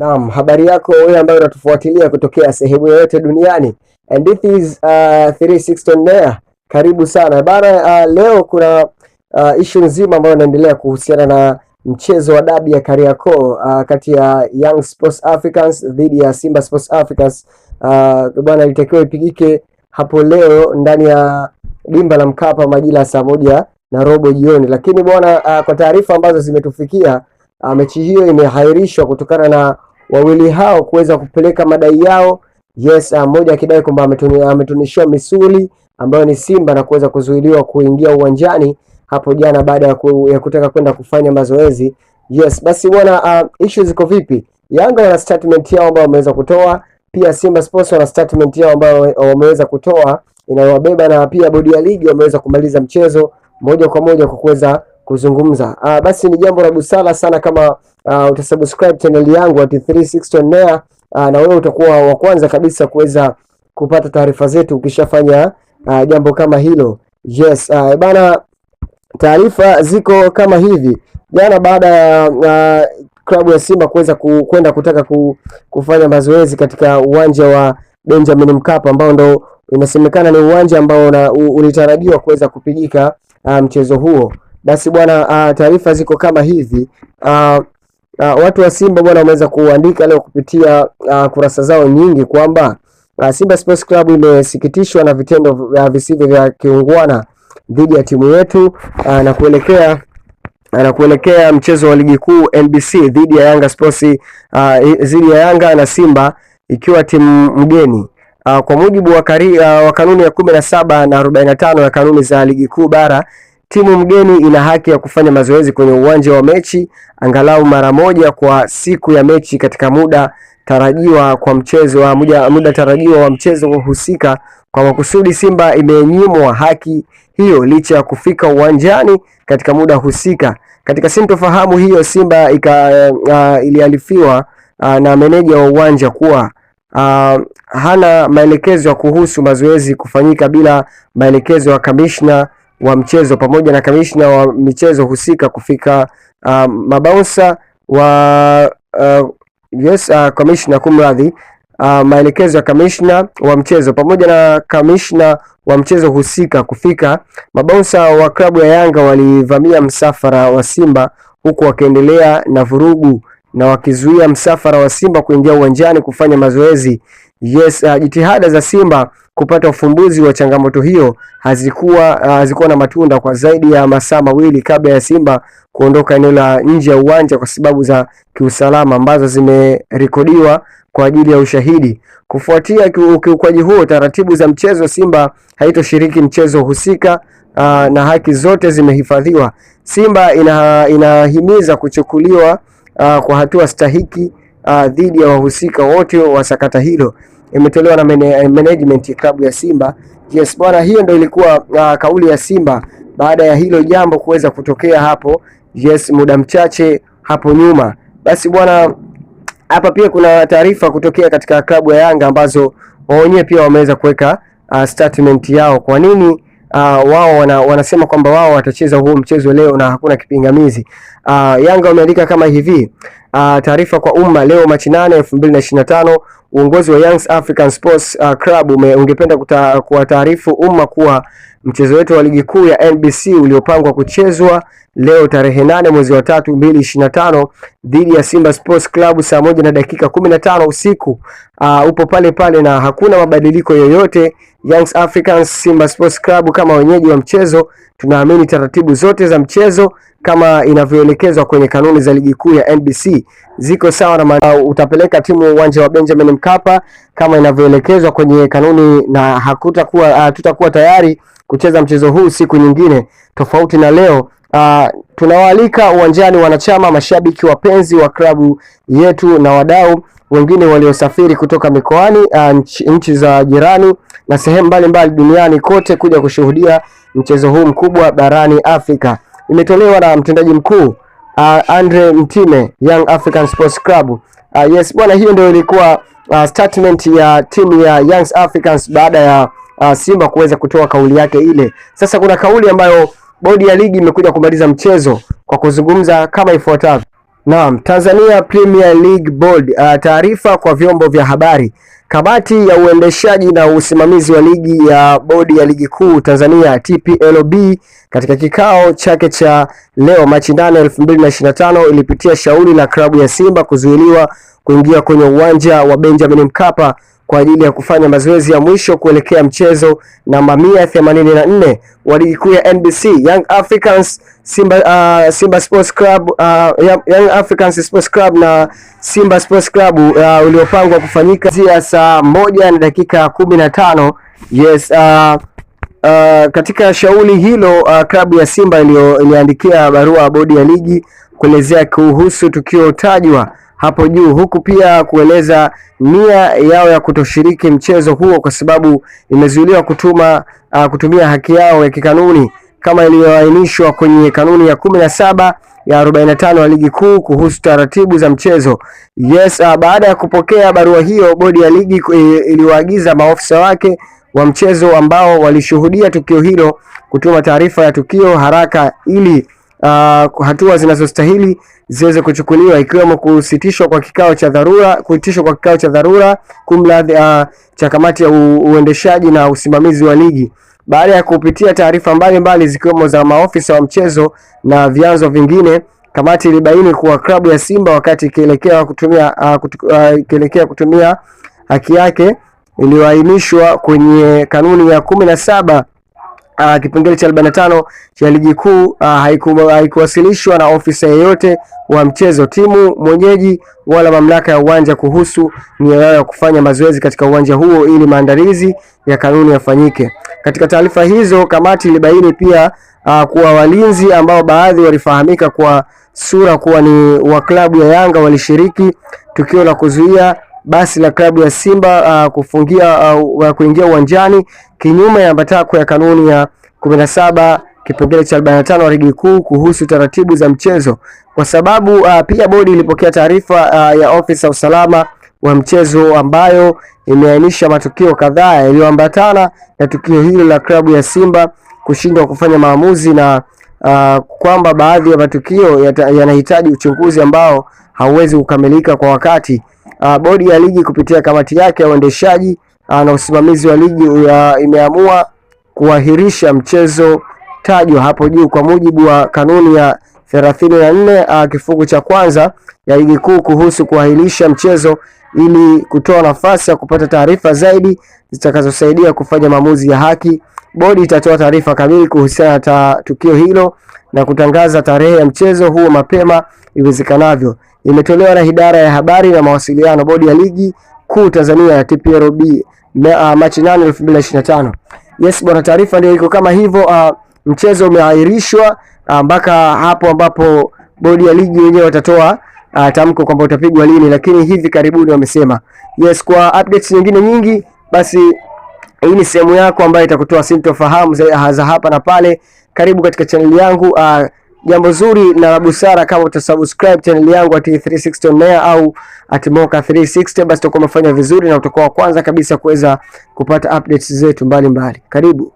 Naam, habari yako wewe ambayo unatufuatilia kutokea sehemu yoyote duniani. And this is uh, 360 on air. Karibu sana bana. Uh, leo kuna uh, issue nzima ambayo inaendelea kuhusiana na mchezo wa dabi ya Kariakoo uh, kati ya Young Sports Africans dhidi ya Simba Sports Africans uh, bwana, ilitakiwa ipigike hapo leo ndani ya dimba la Mkapa majira ya saa moja na robo jioni, lakini bwana, uh, kwa taarifa ambazo zimetufikia uh, mechi hiyo imehairishwa kutokana na wawili hao kuweza kupeleka madai yao. Yes, ah, mmoja akidai kwamba ametunishiwa misuli ambayo ni Simba na kuweza kuzuiliwa kuingia uwanjani hapo jana baada ya, ku, ya kutaka kwenda kufanya mazoezi. Yes, basi bwana, uh, ah, issue ziko vipi? Yanga wana statement yao ambayo wameweza kutoa, pia Simba Sports wana statement yao ambayo wameweza kutoa inayowabeba, na pia bodi ya ligi wameweza kumaliza mchezo moja kwa moja kwa kuweza kuzungumza. Uh, basi ni jambo la busara sana kama uh, utasubscribe channel yangu at 360 on air uh, ah, na wewe utakuwa wa kwanza kabisa kuweza kupata taarifa zetu ukishafanya uh, jambo kama hilo. Yes, uh, bana taarifa ziko kama hivi. Jana baada ya uh, klabu ya Simba kuweza kwenda kutaka ku, kufanya mazoezi katika uwanja wa Benjamin Mkapa ambao ndo inasemekana ni uwanja ambao ulitarajiwa kuweza kupigika uh, mchezo huo. Basi bwana uh, taarifa ziko kama hivi uh, Uh, watu wa Simba bwana wameweza kuandika leo kupitia uh, kurasa zao nyingi kwamba uh, Simba Sports Club imesikitishwa na vitendo vya visivyo vya kiungwana dhidi ya timu yetu uh, na kuelekea na kuelekea mchezo wa ligi kuu NBC dhidi ya Yanga Sports uh, dhidi ya Yanga na Simba ikiwa timu mgeni uh, kwa mujibu wa, kari, uh, wa kanuni ya kumi na saba na arobaini na tano ya kanuni za ligi kuu bara Timu mgeni ina haki ya kufanya mazoezi kwenye uwanja wa mechi angalau mara moja kwa siku ya mechi katika muda tarajiwa kwa mchezo wa muda, muda tarajiwa wa mchezo husika. Kwa makusudi, Simba imenyimwa haki hiyo licha ya kufika uwanjani katika muda husika. Katika sintofahamu hiyo, Simba ika, uh, ilialifiwa uh, na meneja wa uwanja kuwa uh, hana maelekezo ya kuhusu mazoezi kufanyika bila maelekezo ya kamishna wa mchezo pamoja na kamishna wa michezo husika kufika uh, mabaunsa wa uh, yes, uh, kamishna kumradhi, uh, maelekezo ya kamishna wa mchezo pamoja na kamishna wa mchezo husika kufika. Mabaunsa wa klabu ya Yanga walivamia msafara wa Simba huku wakiendelea na vurugu na wakizuia msafara wa Simba kuingia uwanjani kufanya mazoezi. Yes, uh, jitihada za Simba kupata ufumbuzi wa changamoto hiyo hazikuwa ah, hazikuwa na matunda kwa zaidi ya masaa mawili kabla ya Simba kuondoka eneo la nje ya uwanja kwa sababu za kiusalama ambazo zimerekodiwa kwa ajili ya ushahidi. Kufuatia ukiukwaji huo, taratibu za mchezo, Simba haitoshiriki mchezo husika ah, na haki zote zimehifadhiwa. Simba ina, inahimiza kuchukuliwa ah, kwa hatua stahiki dhidi ya wahusika wote wa sakata hilo imetolewa na eh, management ya klabu ya Simba. Yes bwana, hiyo ndio ilikuwa uh, kauli ya Simba baada ya hilo jambo kuweza kutokea hapo yes, muda mchache hapo nyuma. Basi bwana, hapa pia kuna taarifa kutokea katika klabu ya Yanga ambazo wao wenyewe pia wameweza kuweka uh, statement yao kwa nini Uh, wao wana, wanasema kwamba wao watacheza huu mchezo leo na hakuna kipingamizi. Uh, Yanga wameandika kama hivi Uh, taarifa kwa umma leo Machi 8, 2025. Uongozi wa Young African Sports uh, Club ume, ungependa kuwataarifu umma kuwa mchezo wetu wa ligi kuu ya NBC uliopangwa kuchezwa leo tarehe 8 mwezi wa 3 2025 dhidi ya Simba Sports Club saa moja na dakika 15 usiku uh, upo pale pale na hakuna mabadiliko yoyote. Young Africans Simba Sports Club kama wenyeji wa mchezo, tunaamini taratibu zote za mchezo kama inavyoelekezwa kwenye kanuni za ligi kuu ya NBC ziko sawa na man... utapeleka timu uwanja wa Benjamin Mkapa kama inavyoelekezwa kwenye kanuni, na hakutakuwa uh, tutakuwa tayari kucheza mchezo huu siku nyingine tofauti na leo. Uh, tunawaalika uwanjani wanachama, mashabiki, wapenzi wa klabu yetu na wadau wengine waliosafiri kutoka mikoani, uh, nchi za jirani na sehemu mbalimbali duniani kote kuja kushuhudia mchezo huu mkubwa barani Afrika imetolewa na mtendaji mkuu uh, Andre Mtime, Young African Sports Club. Uh, yes bwana, hiyo ndio ilikuwa uh, statement ya timu ya Young Africans baada ya uh, Simba kuweza kutoa kauli yake ile. Sasa kuna kauli ambayo bodi ya ligi imekuja kumaliza mchezo kwa kuzungumza kama ifuatavyo. Naam, Tanzania Premier League Board, uh, taarifa kwa vyombo vya habari. Kamati ya uendeshaji na usimamizi wa ligi ya bodi ya ligi kuu Tanzania TPLB katika kikao chake cha leo Machi 8, 2025 ilipitia shauri la klabu ya Simba kuzuiliwa kuingia kwenye uwanja wa Benjamin Mkapa kwa ajili ya kufanya mazoezi ya mwisho kuelekea mchezo namba nne wa ligi kuu ya NBC Young Africans Simba, uh, Simba Sports Club uh, Young Africans Sports Club na Simba Sports Club uh, uliopangwa kufanyika saa moja na dakika tano. Yes, uh, Uh, katika shauli hilo uh, klabu ya Simba iliandikia barua bodi ya ligi kuelezea kuhusu tukio tajwa hapo juu, huku pia kueleza nia yao ya kutoshiriki mchezo huo kwa sababu imezuiliwa kutuma uh, kutumia haki yao ya kikanuni kama iliyoainishwa kwenye kanuni ya kumi na saba ya 45 ya ligi kuu kuhusu taratibu za mchezo. Yes, uh, baada ya kupokea barua hiyo, bodi ya ligi iliwaagiza maofisa wake wa mchezo ambao walishuhudia tukio hilo kutuma taarifa ya tukio haraka ili uh, hatua zinazostahili ziweze kuchukuliwa ikiwemo kusitishwa kwa kikao cha dharura, kuitishwa kwa kikao cha dharura kumradhi, uh, cha kamati ya uendeshaji na usimamizi wa ligi baada ya kupitia taarifa mbalimbali zikiwemo za maofisa wa mchezo na vyanzo vingine. Kamati ilibaini kuwa klabu ya Simba wakati ikielekea kutumia, uh, kutu, uh, kutumia haki yake iliyoainishwa kwenye kanuni ya kumi na saba Uh, kipengele cha 45 cha ligi kuu uh, haikuwasilishwa na ofisa yeyote wa mchezo, timu mwenyeji wala mamlaka ya uwanja kuhusu nia yao ya kufanya mazoezi katika uwanja huo ili maandalizi ya kanuni yafanyike. Katika taarifa hizo, kamati ilibaini pia uh, kuwa walinzi ambao baadhi walifahamika kwa sura kuwa ni wa klabu ya Yanga walishiriki tukio la kuzuia basi la klabu ya Simba uh, kufungia uh, kuingia uwanjani kinyume na matakwa ya kanuni ya 17 kipengele cha 45 wa ligi kuu kuhusu taratibu za mchezo, kwa sababu uh, pia bodi ilipokea taarifa uh, ya ofisa ya usalama wa mchezo ambayo imeainisha matukio kadhaa yaliyoambatana na tukio hilo la klabu ya Simba kushindwa kufanya maamuzi na uh, kwamba baadhi ya matukio yanahitaji ya uchunguzi ambao hauwezi kukamilika kwa wakati. Uh, bodi ya ligi kupitia kamati yake ya uendeshaji uh, na usimamizi wa ligi ya uh, imeamua kuahirisha mchezo tajwa hapo juu kwa mujibu wa kanuni ya 34 uh, kifungu cha kwanza ya ligi kuu kuhusu kuahirisha mchezo ili kutoa nafasi ya kupata taarifa zaidi zitakazosaidia kufanya maamuzi ya haki Bodi itatoa taarifa kamili kuhusiana na tukio hilo na kutangaza tarehe ya mchezo huo mapema iwezekanavyo. Imetolewa na idara ya habari na mawasiliano, Bodi ya Ligi Kuu Tanzania ya TPLB, uh, ah, Machi 8, 2025. Yes bwana, taarifa ndio iko kama hivyo. Uh, mchezo umeahirishwa ah, mpaka uh, hapo ambapo bodi ya ligi wenyewe watatoa uh, tamko kwamba utapigwa lini, lakini hivi karibuni wamesema. Yes, kwa updates nyingine nyingi basi hii ni sehemu yako ambayo itakutoa sintofahamu za ah, hapa na pale. Karibu katika chaneli yangu. Uh, jambo zuri na la busara kama utasubscribe chaneli yangu at 360 on air au at Moka 360, basi utakuwa umefanya vizuri na utakuwa wa kwanza kabisa kuweza kupata updates zetu mbalimbali. Karibu.